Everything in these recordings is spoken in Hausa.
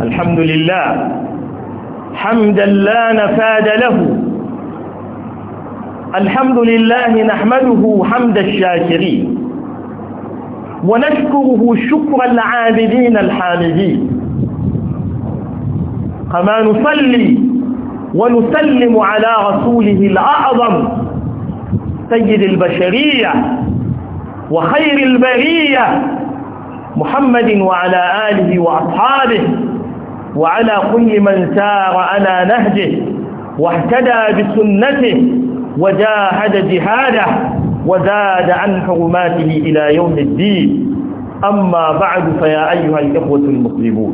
الحمد لله حمدا لا نفاد له الحمد لله نحمده حمد الشاكرين ونشكره شكر العابدين الحامدين كما نصلي ونسلم على رسوله الأعظم سيد البشرية وخير البرية محمد وعلى آله وأصحابه وعلى كل من سار على نهجه واهتدى بسنته وجاهد جهاده وزاد عن حرماته إلى يوم الدين أما بعد فيا أيها الإخوة المسلمون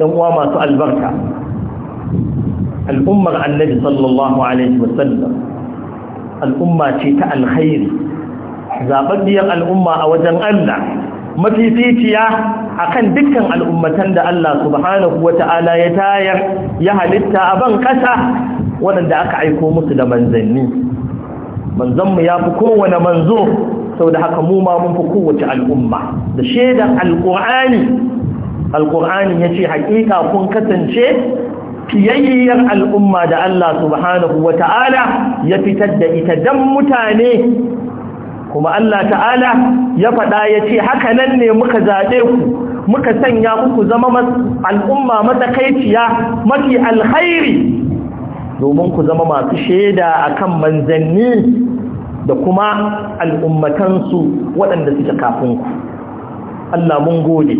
دوما سؤال بركة الأمة النبي صلى الله عليه وسلم الأمة شتاء الخير الأمة al'umma a ما في فيتيا akan dukkan al'ummatan da Allah subhanahu wata'ala ya tayar ya halitta a ban ƙasa waɗanda aka aiko musu da manzanni manzanmu ya fi kowane manzo sau da haka mu ma mun fi kowace al'umma da shaidan alƙur'ani alƙur'ani ya ce haƙiƙa kun kasance fiyayyar al'umma da Allah subhanahu ta'ala ya fitar da ita don mutane kuma Allah ta'ala ya faɗa ya ce haka nan ne muka zaɓe ku muka sanya muku zama al'umma matakaiciya mafi alkhairi domin ku zama masu shaida akan manzanni da kuma al'ummatansu waɗanda suke kafin ku Allah mun gode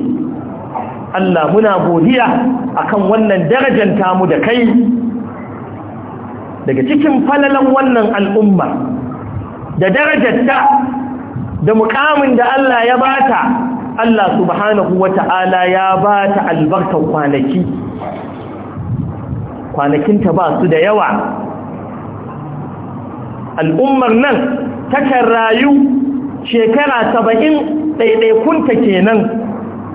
Allah muna godiya akan wannan darajar tamu da kai daga cikin falalan wannan al'umma da darajarta da mukamin da Allah ya bata Allah subhanahu wa ta'ala ya ba ta albarkar kwanaki kwanakinta ba su da yawa al'ummar nan takan rayu shekara saba'in ɗaiɗaikunta kenan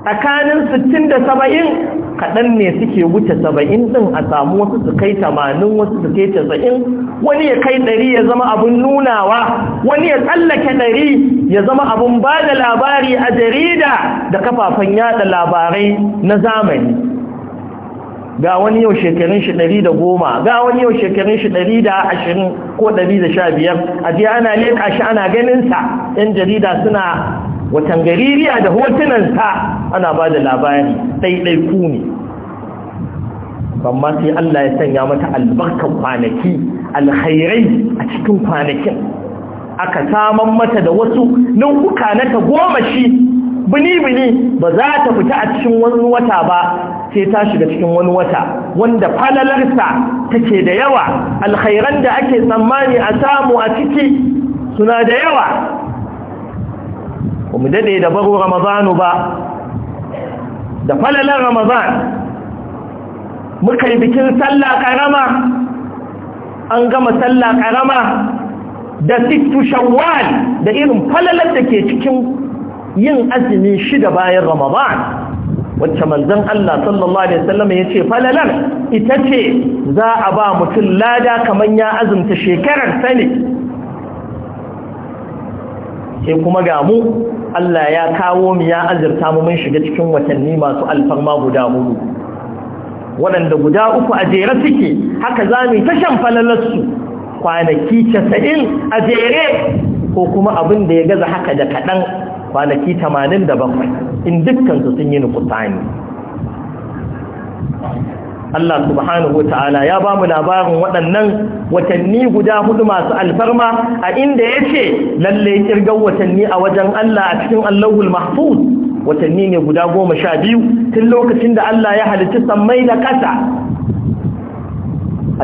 tsakanin sittin da saba'in kaɗan ne suke wuce saba'in ɗin a samu wasu su kai tamanin wasu su kai tasa'in wani ya kai ɗari ya zama abin nunawa wani ya tsallake ɗari ya zama abin ba da labari a jarida da kafafen yada labarai na zamani ga wani yau shekarun shi ɗari da goma ga wani yau shekarun shi ɗari da ashirin ko ɗari da sha biyar a jiya ana leƙa shi ana ganinsa 'yan jarida suna watan gaririya da hotunansa ana ba da labari ɗaiɗai ku ne amma sai Allah ya sanya mata albarkar kwanaki alkhairai a cikin kwanakin aka saman mata da wasu nau'uka na ta goma shi bini-bini ba za ta fita a cikin wani wata ba sai ta shiga cikin wani wata wanda falalarsa take da yawa alkhairan da ake tsammani a samu a ciki suna da yawa ba mu dade da baro ramadanu ba da falalar ramadan muka yi bikin sallah karama an gama sallah karama da sittu shawwal da irin falalar da ke cikin yin azumi shida bayan ramadan wacce manzon Allah sallallahu alaihi wasallam yace falalar ita ce za a ba mutum lada kaman ya azumta shekarar sani sai kuma ga mu Allah ya kawo mu ya azurta mu mun shiga cikin watanni masu alfarma guda hudu waɗanda guda uku a jere suke haka za mu ta shan falalarsu kwanaki casa'in a jere ko kuma abin da ya gaza haka da kaɗan kwanaki tamanin da bakwai in dukkansu sun yi ne. Allah subhanahu wa ta'ala ya ba mu labarin waɗannan watanni guda hudu masu alfarma a inda ya ce lalle kirgan watanni a wajen Allah a cikin Allahul Mahfuz watanni ne guda goma sha biyu tun lokacin da Allah ya halitta sammai da ƙasa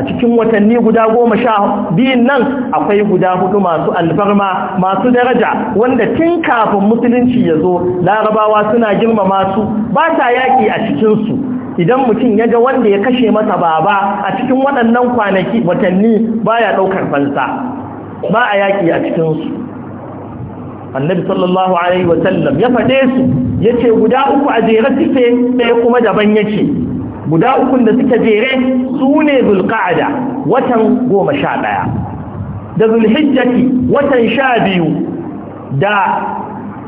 a cikin watanni guda goma sha biyun nan akwai guda hudu masu alfarma masu daraja wanda tun kafin musulunci ya zo larabawa suna girmama su ba ta yaƙi a cikinsu idan mutum ya ga wanda ya kashe masa baba a cikin waɗannan kwanaki watanni ba ya ɗaukar fansa ba a yaƙi a cikinsu annabi sallallahu alaihi wasallam ya faɗe su ya ce guda uku a jere suke ɗaya kuma daban ya ce. guda ukun da suke jere su ne zulƙa'ada watan goma sha ɗaya da zulhijjati watan sha biyu da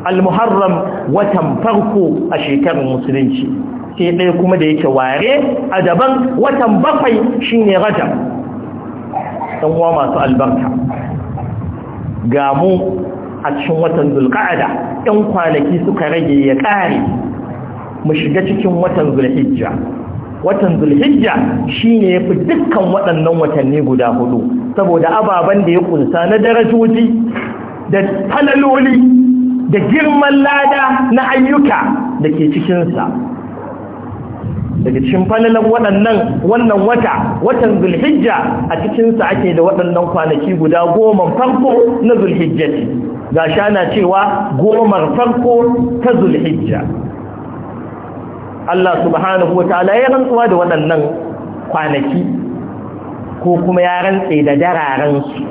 almuharram watan farko a shekarar musulunci sai ɗaya kuma da yake ware a daban watan bakwai shine rajab dan wa masu albarka ga mu a cikin watan zulqa'ada ɗan kwanaki suka rage ya ƙare mu shiga cikin watan zulhijja watan zulhijja shine yafi dukkan waɗannan watanni guda hudu saboda ababen da ya kunsa na darajoji da talaloli, da girman lada na ayyuka da ke cikinsa daga cikin falalan waɗannan wannan wata watan zulhijja a cikinsa ake da waɗannan kwanaki guda goma farko na zulhijjati ga shana cewa gomar farko ta zulhijja Allah subhanahu wataala ya rantsuwa da waɗannan kwanaki ko kuma ya rantse da dararensu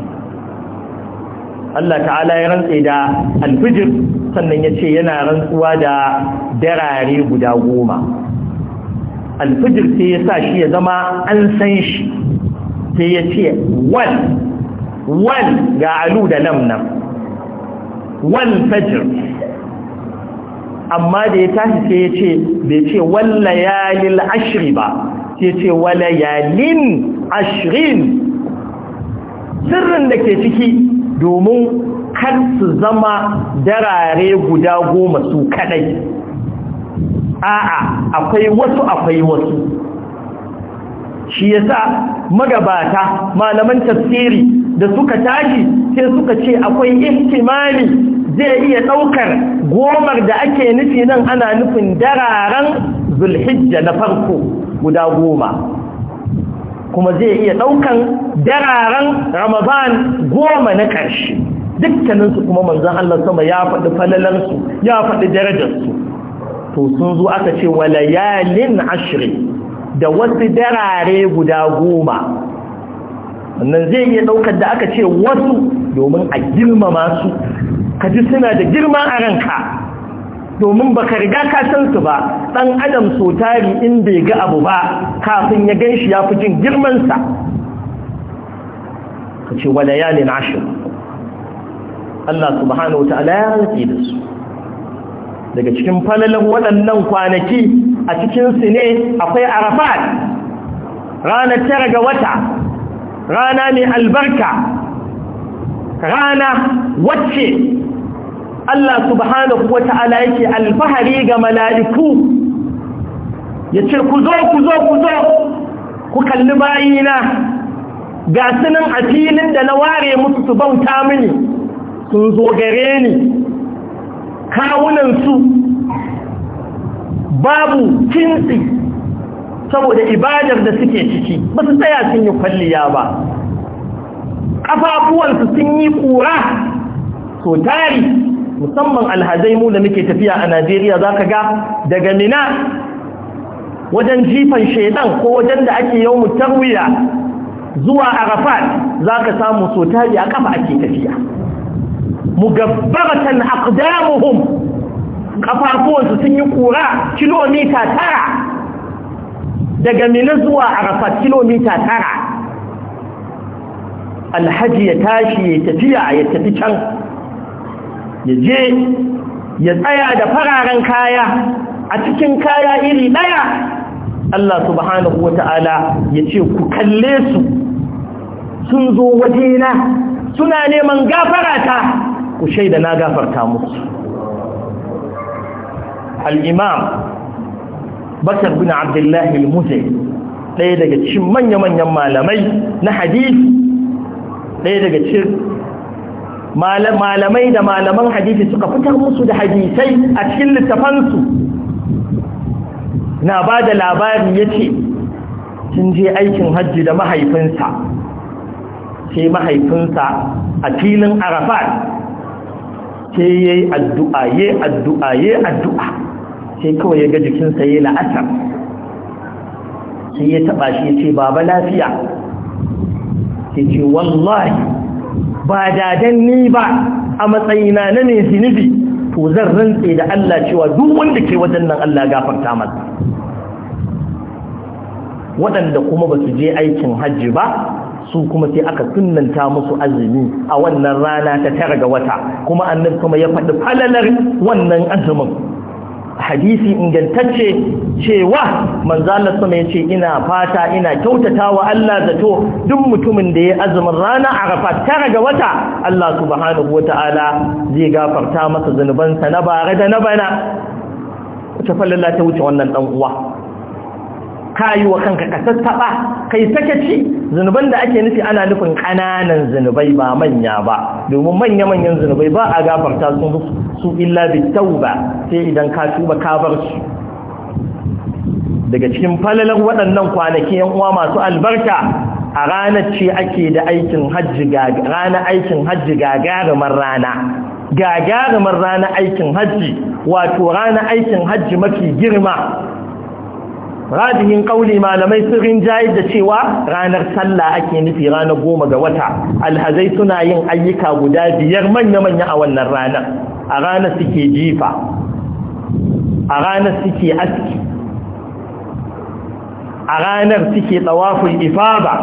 Allah ta'ala ya rantse da alfijir sannan ya ce yana rantsuwa da darare guda goma alfijir sai ya sa shi ya zama an san shi sai ya ce wal wal ga alu da nam nan wal fajr amma da ya tashi sai ya ce bai ce wal layalil ashri ba sai ya ce wal layalin ashrin sirrin da ke ciki domin kar su zama darare guda goma su kadai a'a akwai wasu akwai wasu shi yasa magabata malaman tafsiri da suka tashi sai suka ce akwai ihtimali zai iya daukar gomar da ake nufi nan ana nufin dararen zulhijja na farko guda goma kuma zai iya daukan dararen ramadan goma na ƙarshe dukkaninsu kuma manzan Allah sama ya faɗi falalansu ya faɗi darajarsu to sun zo aka ce walayalin layalin ashirin da wasu darare guda goma wannan zai iya ɗaukar da aka ce wasu domin a girmama su ka ji suna da girma a ranka domin ba ka riga ka su ba ɗan adam so tari in bai ga abu ba kafin ya gan shi ya fi jin girmansa ka ce wa layalin ashirin Allah subhanahu wa ta'ala ya rantsi da su daga cikin falalan waɗannan kwanaki a cikinsu ne akwai arafat Rana tara ga wata rana mai albarka rana wacce Allah subhanahu wa ta'ala yake alfahari ga mala'iku ya ce ku zo ku zo ku zo ku kalli bayina ga sunan a da na ware musu su bauta mini sun zo gare ni Kawunan su babu kintsi saboda ibadar da suke ciki ba su tsaya sun yi kwalliya ba ƙafafuwansu sun yi ƙura so tari musamman alhazai mu da muke tafiya a najeriya za ka ga daga mina wajen jifan shaidan ko wajen da ake yau mutarwiya zuwa arafat za ka samu so a ƙafa ake tafiya mugabbaratan aqdamuhum kafafuwansu sun yi kura kilomita tara daga mina zuwa arafat kilomita tara alhaji ya tashi ya tafiya ya tafi can ya je ya tsaya da fararen kaya a cikin kaya iri daya Allah subhanahu Ta'ala ya ce ku kalle su sun zo wajena suna neman gafarata ku shaida na gafarta musu al-imam bakar bin abdullahi al-muzai ɗaya daga cikin manya-manyan malamai na hadith, ɗaya daga cikin malamai da malaman hadisi suka fitar musu da hadisai a cikin littafansu na ba da labari ya ce sun je aikin hajji da mahaifinsa sai mahaifinsa a filin arafat sai ya yi addu'a ya addu'a ya addu'a sai kawai ya ga jikinsa ya la'asar sai ya taɓa shi ya ce baba lafiya sai ce wallahi ba dadan ni ba a matsayina na ne zinubi to zan rantse da Allah cewa duk wanda ke wajen nan Allah gafarta masa waɗanda kuma ba su je aikin hajji ba su kuma sai aka sunnanta musu azumi a wannan rana ta tara ga wata kuma annabi kuma ya faɗi falalar wannan azumin hadisi ingantacce cewa manzalar sama ya ce ina fata ina kyautata wa Allah zato duk mutumin da ya azumin rana arafa tara ga wata Allah subhanahu wata'ala zai gafarta masa zunubansa na bare da na bana ta falalla ta wuce wannan dan uwa ka yi wa kanka ka sassaba kai sakaci zunuban da ake nufi ana nufin ƙananan zunubai ba manya ba domin manya manyan zunubai ba a gafarta sun su illa bi tauba sai idan ka tuba ka bar su daga cikin falalar waɗannan kwanaki yan uwa masu albarka a ranar ce ake da aikin hajji ranar aikin hajji gagarumar rana gagarumar ranar aikin hajji wato rana aikin hajji mafi girma rajihin kauli malamai sun rinjayar da cewa ranar sallah ake nufi ranar goma ga wata alhazai suna yin ayyuka guda biyar manya-manya a wannan ranar a ranar suke jifa a ranar suke aski a ranar suke tsawafin ifaba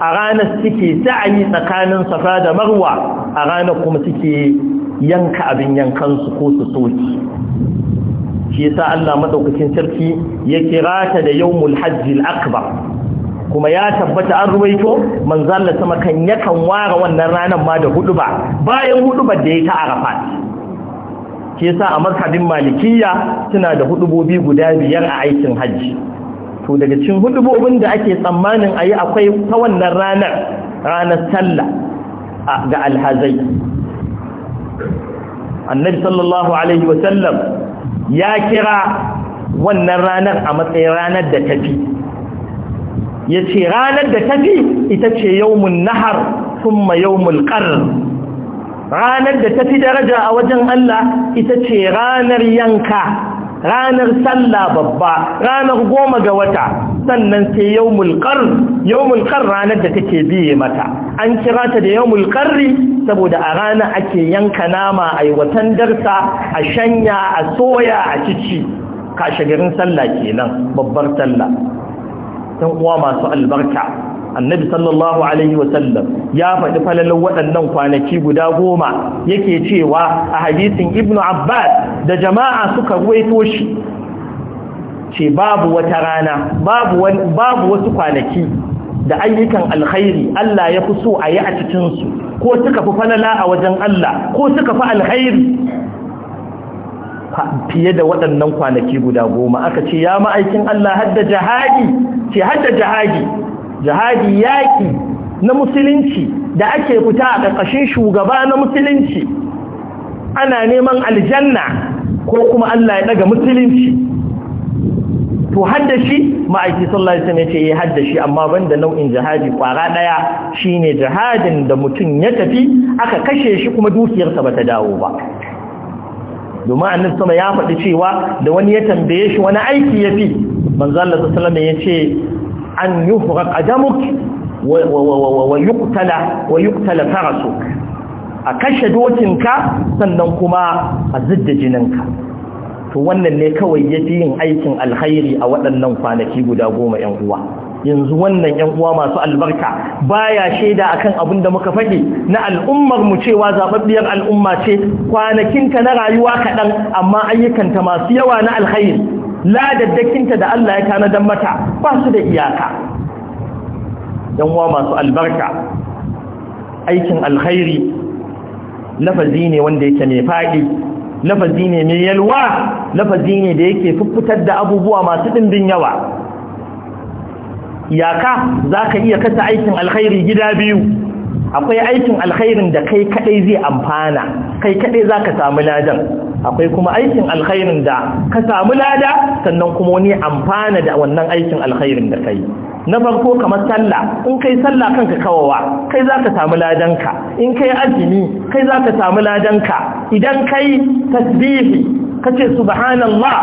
a ranar suke sa'ayi tsakanin safa da marwa a ranar kuma suke yanka abin yankansu ko su soki shi yasa Allah madaukakin sarki ya kira da yawmul hajjil akbar kuma ya tabbata an ruwaito manzo Allah sama kan yakan wara wannan ranar ma da huduba bayan hudubar da ya ta Arafat shi yasa a mazhabin Malikiyya suna da hudubobi guda biyar a aikin hajji to daga cikin hudubobin da ake tsammanin ayi akwai ta wannan ranar ranar sallah ga alhazai annabi sallallahu alaihi wasallam ya kira wannan ranar a matsayin ranar da tafi ya ce ranar da tafi ita ce yawmun nahar kuma yawmul ranar da tafi daraja a wajen Allah ita ce ranar yanka ranar sallah babba ranar goma ga wata sannan sai yawmul yawmul ranar da take biye mata an kira ta da yawmul saboda a rana ake yanka nama a yi watan darsa a shanya a soya a cici kashe garin sallah kenan babbar sallah ɗan uwa masu albarka annabi sallallahu alaihi wasallam ya faɗi falalar waɗannan kwanaki guda goma yake cewa a hadisin ibnu abbas da jama'a suka ruwaito shi ce babu wata rana babu wasu kwanaki da ayyukan alkhairi Allah ya fi so a yi a cikinsu ko suka fi falala a wajen Allah ko suka fi alkhairi fiye da waɗannan kwanaki guda goma aka ce ya ma'aikin Allah hadda jihadi ce hadda jihadi jihadi yaƙi na musulunci da ake fita a ƙarƙashin shugaba na musulunci ana neman aljanna ko kuma Allah ya daga musulunci to hadda shi ma'aiki sallallahu alaihi wasallam yace eh hadda shi amma banda nau'in jihadi kwara daya shine jihadin da mutum ya tafi aka kashe shi kuma dukiyarsa bata dawo ba domin annabi sama ya faɗi cewa da wani ya tambaye shi wani aiki yafi manzo Allah sallallahu alaihi wasallam yace an yufraq qadamuk wa wa yuqtala wa yuqtala farasuk a kashe dokinka sannan kuma a zidda jinin ka. to wannan ne kawai ya fi yin aikin alkhairi a waɗannan kwanaki guda goma ‘yan uwa yanzu wannan ‘yan uwa masu albarka baya shaida akan abin da muka faɗi na al'ummar mu cewa zaɓaɓɓiyar al'umma ce kwanakinta na rayuwa kaɗan amma ayyukanta masu yawa na alkhairi ladaddakinta da Allah ya tanadar mata ba su da iyaka ‘yan uwa masu albarka aikin alkhairi lafazi ne wanda yake mai faɗi lafazi ne mai yalwa lafazi ne da yake fuffutar da abubuwa masu ɗimbin yawa yaka za ka iya kasa aikin alkhairi gida biyu akwai aikin alkhairin da kai kadai zai amfana kai kadai za ka samu ladan akwai kuma aikin alkhairin da ka samu lada sannan kuma wani amfana da wannan aikin alkhairin da kai na farko kamar sallah in kai sallah kanka kawawa kai za samu ladanka in kai azumi kai za ka samu ladanka idan kai tasbihi kace subhanallah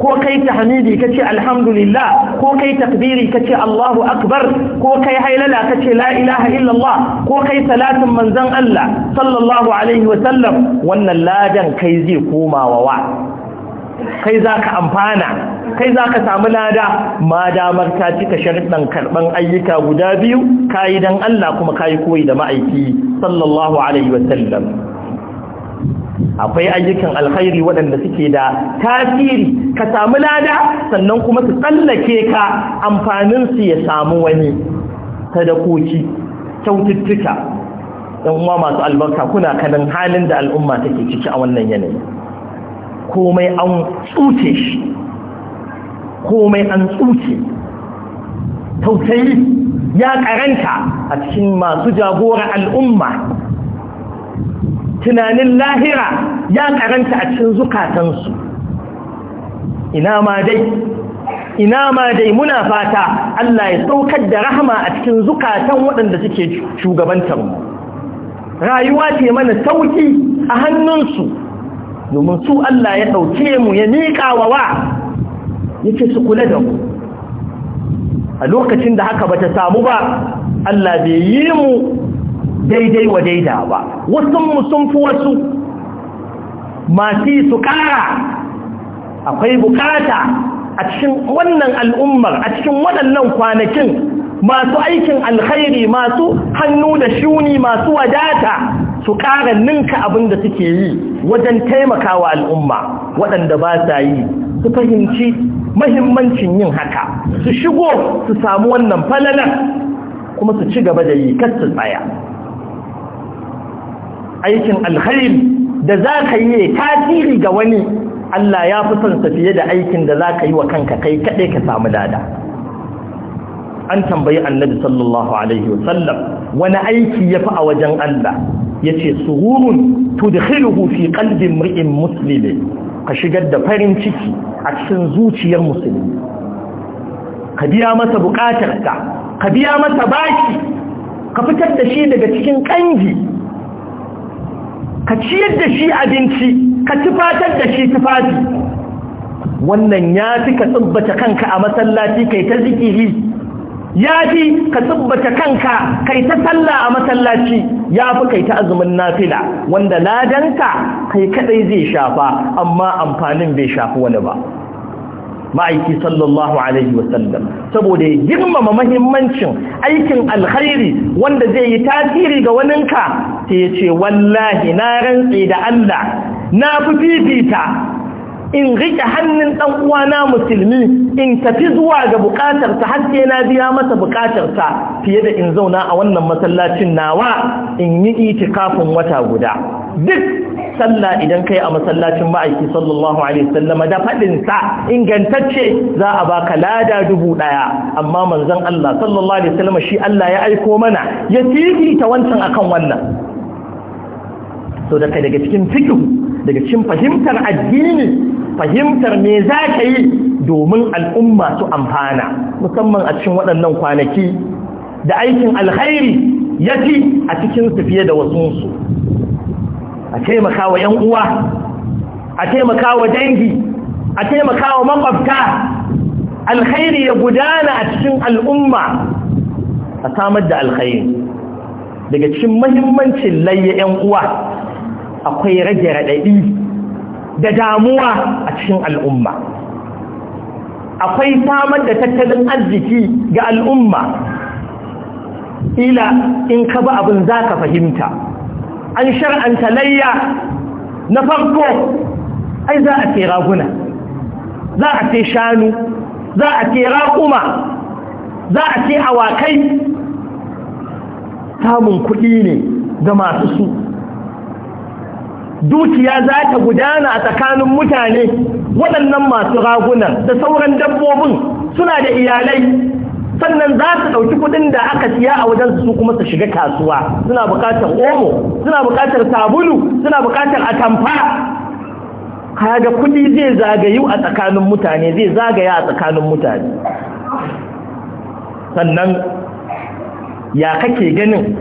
ko kai tahmidi kace alhamdulillah ko kai takbiri kace Allahu akbar ko kai hailala kace la ilaha illallah ko kai salatin manzon Allah sallallahu alaihi wa sallam wannan ladan kai zai komawa wa kai za ka amfana kai za ka samu lada ma damar ta cika sharɗan karɓan ayyuka guda biyu ka yi don Allah kuma ka yi koyi da ma'aiki sallallahu alaihi wasallam akwai ayyukan alkhairi waɗanda suke da tasiri ka samu lada sannan kuma su tsallake ka amfaninsu ya samu wani sadakoki kyaututtuka ɗan uwa masu albarka kuna kanin halin da al'umma take ciki a wannan yanayi komai an tsuce shi komai an tsuce tausayi ya karanta a cikin masu jagora al'umma tunanin lahira ya karanta a cikin zukatansu ina ma dai ina ma dai muna fata Allah ya saukar da rahama a cikin zukatan waɗanda suke shugabantar mu rayuwa ce mana sauki a hannunsu domin su Allah ya ɗauke mu ya miƙa wa wa yake su kula da ku. a lokacin da haka bata samu ba Allah bai yi mu daidai wa daida ba wasu mu sun fi wasu masu su ƙara akwai bukata a cikin wannan al'ummar a cikin waɗannan kwanakin masu aikin alkhairi masu hannu da shuni masu wadata su ƙara ninka abin da suke yi wajen taimakawa al'umma waɗanda ba sa yi su fahimci mahimmancin yin haka su shigo su samu wannan falalar kuma su ci gaba da yi su tsaya aikin alkhairi da za ka yi tasiri ga wani Allah ya fi son sa fiye da aikin da za ka yi wa kanka kai kaɗai ka samu lada an tambayi annabi sallallahu alaihi wasallam wani aiki ya fi a wajen Allah yace sururun tudkhiluhu fi qalbi imri'in muslimi ka shigar da farin ciki a cikin zuciyar musulmi ka biya masa bukatarsa ka ka biya masa baki ka fitar da shi daga cikin kangi ka ciyar da shi abinci ka tufatar da shi tufafi wannan ya fi ka tsubbata kanka a masallaci kai ta zikiri ya ji ka tsubbata kanka kai ta sallah a masallaci ya fi kai ta azumin nafila wanda ladanka kai kadai zai shafa amma amfanin bai shafi wani ba ma'aiki sallallahu alaihi wasallam saboda ya girmama mahimmancin aikin alkhairi wanda zai yi tasiri ga waninka sai ya ce wallahi na rantsi da Allah na fi fifita in rike hannun ɗan uwana musulmi in tafi zuwa ga ta har sai na biya masa ta fiye da in zauna a wannan masallacin nawa in yi itikafin wata guda duk sallah idan kai a masallacin ma'aiki sallallahu alaihi wasallam da fadin sa ingantacce za a baka lada dubu daya amma manzon Allah sallallahu alaihi wasallam shi Allah ya aiko mana ya ta wancan akan wannan so daga cikin fiqh daga cikin fahimtar addini fahimtar me za ka yi domin al'umma su amfana musamman a cikin waɗannan kwanaki da aikin alkhairi ya fi a cikinsu fiye da wasunsu a taimaka wa ‘yan uwa a taimaka wa dangi a taimaka wa makwabta alkhairi ya gudana a cikin al'umma a samar da alkhairi daga cikin mahimmancin layya ‘yan uwa akwai rage raɗaɗi da damuwa a cikin al'umma akwai samar da tattalin arziki ga al'umma ila in ka ba abin za ka fahimta an shar'anta layya na farko ai za a ce raguna za a ce shanu za a ce raƙuma za a ce awakai samun kuɗi ne ga masu su dukiya za ta gudana a tsakanin mutane waɗannan masu ragunan da sauran dabbobin suna da iyalai sannan za su ɗauki kuɗin da aka siya a wajen su kuma su shiga kasuwa suna buƙatar omo suna buƙatar sabulu suna buƙatar atamfa kaga kuɗi zai zagayu a tsakanin mutane zai zagaya a tsakanin mutane sannan ya kake ganin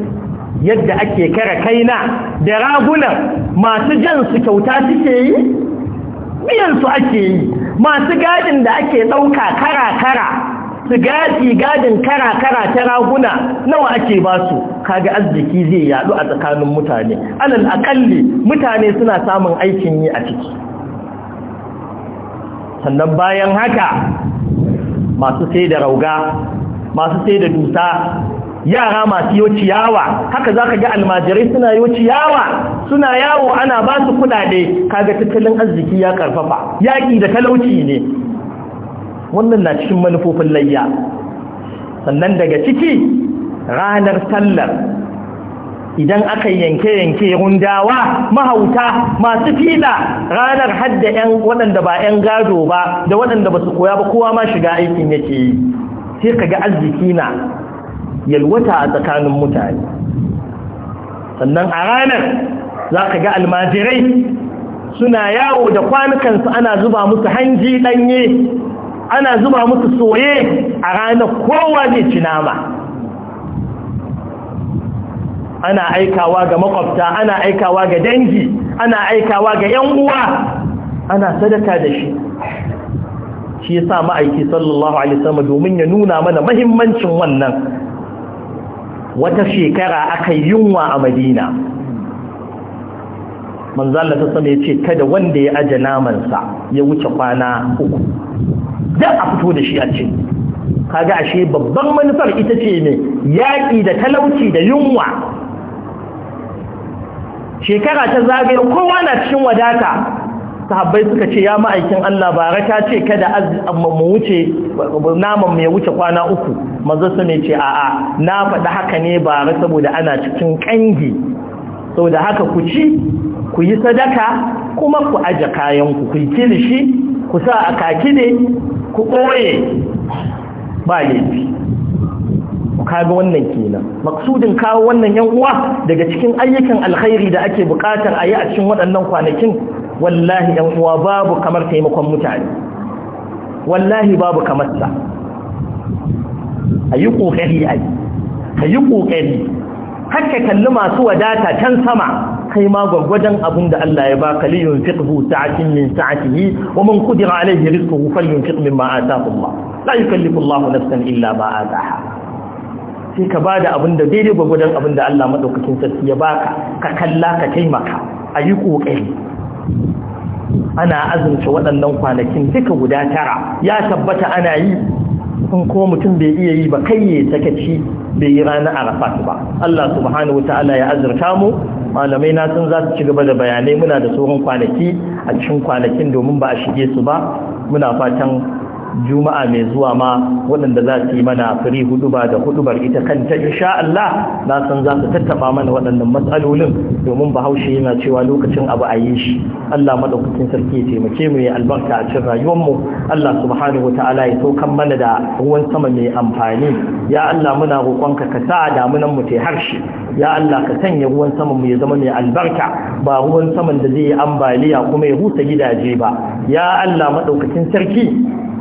yadda ake kare kaina da ragunan masu jan kyauta suke yi biyan ake yi masu gadin da ake ɗauka kara-kara su gadi gadin kara-kara ta raguna nawa ake ba su kaga arziki zai yadu a tsakanin mutane alal akalli mutane suna samun aikin yi a ciki sannan bayan haka masu sai da rauga masu sai da dusa yara masu yo ciyawa haka ka ga almajirai suna yo ciyawa suna yawo ana ba su kudade kaga tattalin arziki ya karfafa yaƙi da talauci ne wannan na cikin manufofin layya sannan daga ciki ranar sallar idan aka yanke-yanke rundawa mahauta masu fila ranar hadda 'yan waɗanda ba 'yan gado ba da waɗanda ba su koya ba kowa ma shiga aikin yake yi sai ka ga arziki na yalwata a tsakanin mutane sannan a ranar za ka ga almajirai suna yawo da kwanukansu ana zuba musu hanji ɗanye ana zuba musu soye a ranar kowa zai ci nama ana aikawa ga makwabta ana aikawa ga dangi ana aikawa ga ‘yan uwa ana sadaka da shi shi ya sa ma'aiki sallallahu alaihi sama domin ya nuna mana mahimmancin wannan wata shekara aka yunwa a madina manzala ta sama yace kada wanda ya aje namansa ya wuce kwana uku da a fito da shi a ce kaga ashe babban manufar ita ce ne yaƙi da talauci da yunwa shekara ta zagaye kowa na cikin wadata sahabbai suka ce ya ma'aikin Allah bara ta ce kada mu wuce naman mai wuce kwana uku manzo su ne ce a'a na faɗi haka ne ba ra saboda ana cikin kangi saboda haka ku ci ku yi sadaka kuma ku aje kayan ku ku kilishi ku sa a ne ku koye ba laifi kaga wannan kenan maksudin kawo wannan yan uwa daga cikin ayyukan alkhairi da ake bukatar a yi a cikin waɗannan kwanakin wallahi yan uwa babu kamar taimakon mutane wallahi babu kamar sa a yi ƙoƙari a yi ka yi ƙoƙari haka kalli masu wadata can sama kai ma gwargwadon abin da Allah ya ba baka li yunfiqhu sa'atin min sa'atihi wa man qudira alayhi rizquhu falyunfiq mimma ataahu Allah la yukallifu Allahu nafsan illa ma ataaha sai ka bada abin da daidai gwargwadon abin da Allah madaukakin sarki ya baka ka kalla ka taimaka a yi kokari ana azumta waɗannan kwanakin duka guda tara ya tabbata ana yi kun kuma mutum bai iya yi ba kai ya sakaci bai yi ranar arafat ba Allah subhanahu wa ta'ala ya azurta mu malamai na sun za su ci gaba da bayanai muna da tsohon kwanaki a cikin kwanakin domin ba a shige su ba muna fatan juma'a mai zuwa ma waɗanda za su yi mana firi huduba da bar ita kanta insha Allah na san za su tattaba mana waɗannan matsalolin domin bahaushe yana cewa lokacin abu a yi shi Allah madaukakin sarki ya taimake mu ya albarka a cikin rayuwar mu Allah subhanahu wataala ya saukan mana da ruwan sama mai amfani ya Allah muna roƙonka ka sa damunan mu ta harshe ya Allah ka sanya ruwan sama mu ya zama mai albarka ba ruwan saman da zai yi ambaliya kuma ya rusa gidaje ba ya Allah madaukakin sarki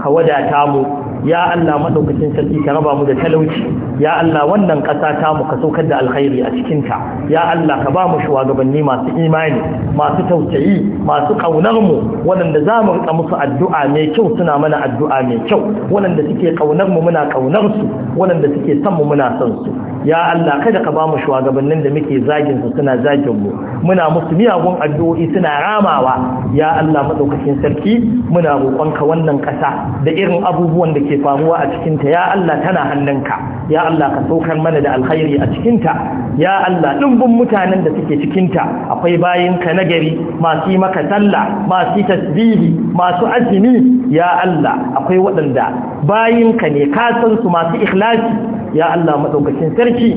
ka wadata mu ya Allah maɗaukacin sarki ka raba mu da talauci ya Allah wannan ƙasa ta mu ka saukar da alkhairi a cikinta ya Allah ka ba mu shugabanni masu imani masu tausayi masu ƙaunar mu waɗanda za mu riƙa musu addu'a mai kyau suna mana addu'a mai kyau waɗanda suke ƙaunar mu muna ƙaunar su waɗanda suke son mu muna son su ya Allah kada ka ba mu shugabannin da muke zagin su suna zagin mu muna musu miyagun addu'o'i suna ramawa ya Allah madaukakin sarki muna roƙonka wannan ƙasa da irin abubuwan da ke faruwa a cikinta ya Allah tana hannunka ya Allah ka saukar mana da alkhairi a cikinta ya Allah ɗumbin mutanen da suke cikinta akwai bayinka ka nagari, masu maka sallah masu tasbihi masu azumi ya Allah akwai waɗanda bayinka ne ka san su masu ikhlasi ya Allah madaukakin sarki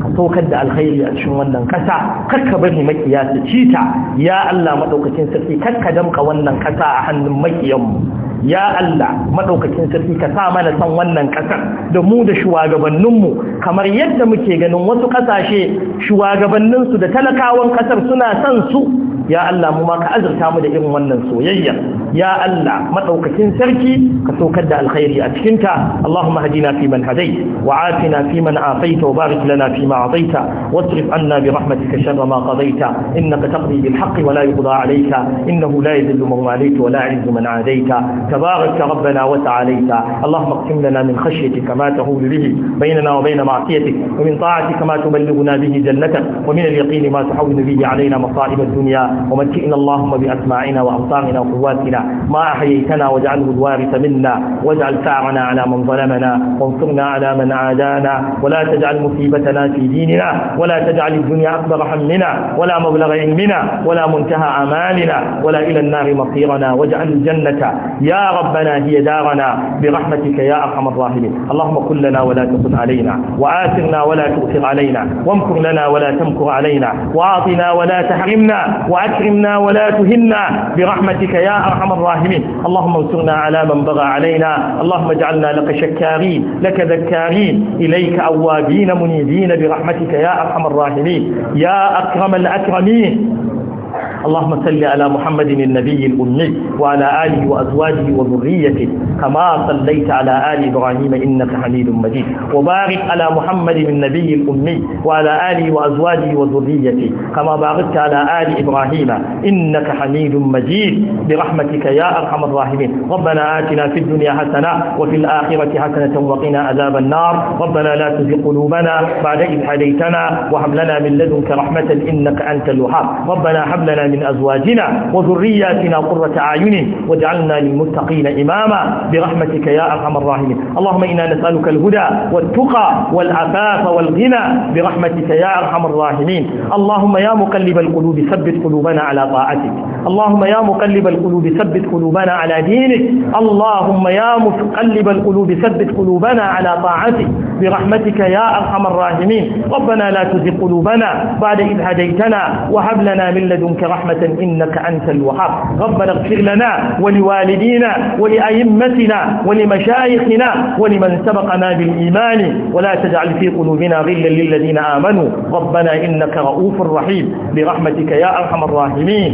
ka saukar da alkhairi a cikin wannan kasa karka bari makiya su cita ya Allah madaukakin sarki karka damka wannan ƙasa a hannun makiyanmu ya Allah madaukakin sarki ka sa mana san wannan ƙasar da mu da shugabanninmu kamar yadda muke ganin wasu ƙasashe. shugabanninsu da talakawan ƙasar suna san su ya Allah mu ma ka azurta mu da irin wannan soyayya ya Allah madaukakin sarki ka saukar da alkhairi a cikin ta Allahumma hadina fi man hadai wa atina fi man afaita wa barik lana fi ma ataita wasrif anna bi rahmatika sharra ma qadaita innaka taqdi bil haqqi wa la yuqda alayka innahu la yadhillu man walayta wa la yu'izzu man adaita tabarakta rabbana wa ta'alaita Allahumma qim lana min khashyatika ma tahulu bihi bainana wa bain ma'siyatik wa min ta'atika ma tuballighuna به جنتك ومن اليقين ما تحول به علينا مصائب الدنيا ومتئنا اللهم بأسماعنا وأبصارنا وقواتنا ما أحييتنا واجعله الوارث منا واجعل ثارنا على من ظلمنا وانصرنا على من عادانا ولا تجعل مصيبتنا في ديننا ولا تجعل الدنيا أكبر همنا ولا مبلغ علمنا ولا منتهى أمالنا ولا إلى النار مصيرنا واجعل الجنة يا ربنا هي دارنا برحمتك يا أرحم الراحمين اللهم كن لنا ولا تكن علينا وآثرنا ولا تؤثر علينا وامكر لنا ولا تمكر علينا وأعطنا ولا تحرمنا وأ وأكرمنا ولا تهنا برحمتك يا أرحم الراحمين اللهم انصرنا على من بغى علينا اللهم اجعلنا لك شكارين لك ذكارين إليك أوابين منيبين برحمتك يا أرحم الراحمين يا أكرم الأكرمين اللهم صل على محمد النبي الأمي وعلى آله وأزواجه وذريته كما صليت على آل إبراهيم إنك حميد مجيد وبارك على محمد النبي الأمي وعلى آله وأزواجه وذريته كما باركت على آل إبراهيم إنك حميد مجيد برحمتك يا أرحم الراحمين ربنا آتنا في الدنيا حسنة وفي الآخرة حسنة وقنا عذاب النار ربنا لا تزغ قلوبنا بعد إذ هديتنا وهب لنا من لدنك رحمة إنك أنت الوهاب ربنا هب لنا من أزواجنا وذرياتنا قرة أعين واجعلنا للمتقين إماما برحمتك يا أرحم الراحمين اللهم إنا نسألك الهدى والتقى والعفاف والغنى برحمتك يا أرحم الراحمين اللهم يا مقلب القلوب ثبت قلوبنا على طاعتك اللهم يا مقلب القلوب ثبت قلوبنا على دينك اللهم يا مقلب القلوب ثبت قلوبنا على طاعتك برحمتك يا أرحم الراحمين ربنا لا تزغ قلوبنا بعد إذ هديتنا وهب لنا من لدنك رحمة إنك أنت الوهاب ربنا اغفر لنا ولوالدينا ولأئمتنا ولمشايخنا ولمن سبقنا بالإيمان ولا تجعل في قلوبنا غلا للذين آمنوا ربنا إنك رؤوف رحيم برحمتك يا أرحم الراحمين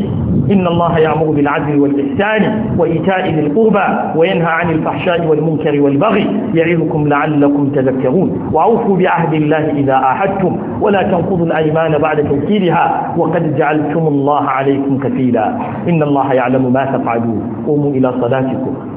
إن الله يأمر بالعدل والإحسان وإيتاء ذي القربى وينهى عن الفحشاء والمنكر والبغي يعظكم لعلكم تذكرون تفلحون وأوفوا بعهد الله إذا أحدتم ولا تنقضوا الأيمان بعد توكيدها وقد جعلتم الله عليكم كفيلا إن الله يعلم ما تفعلون قوموا إلى صلاتكم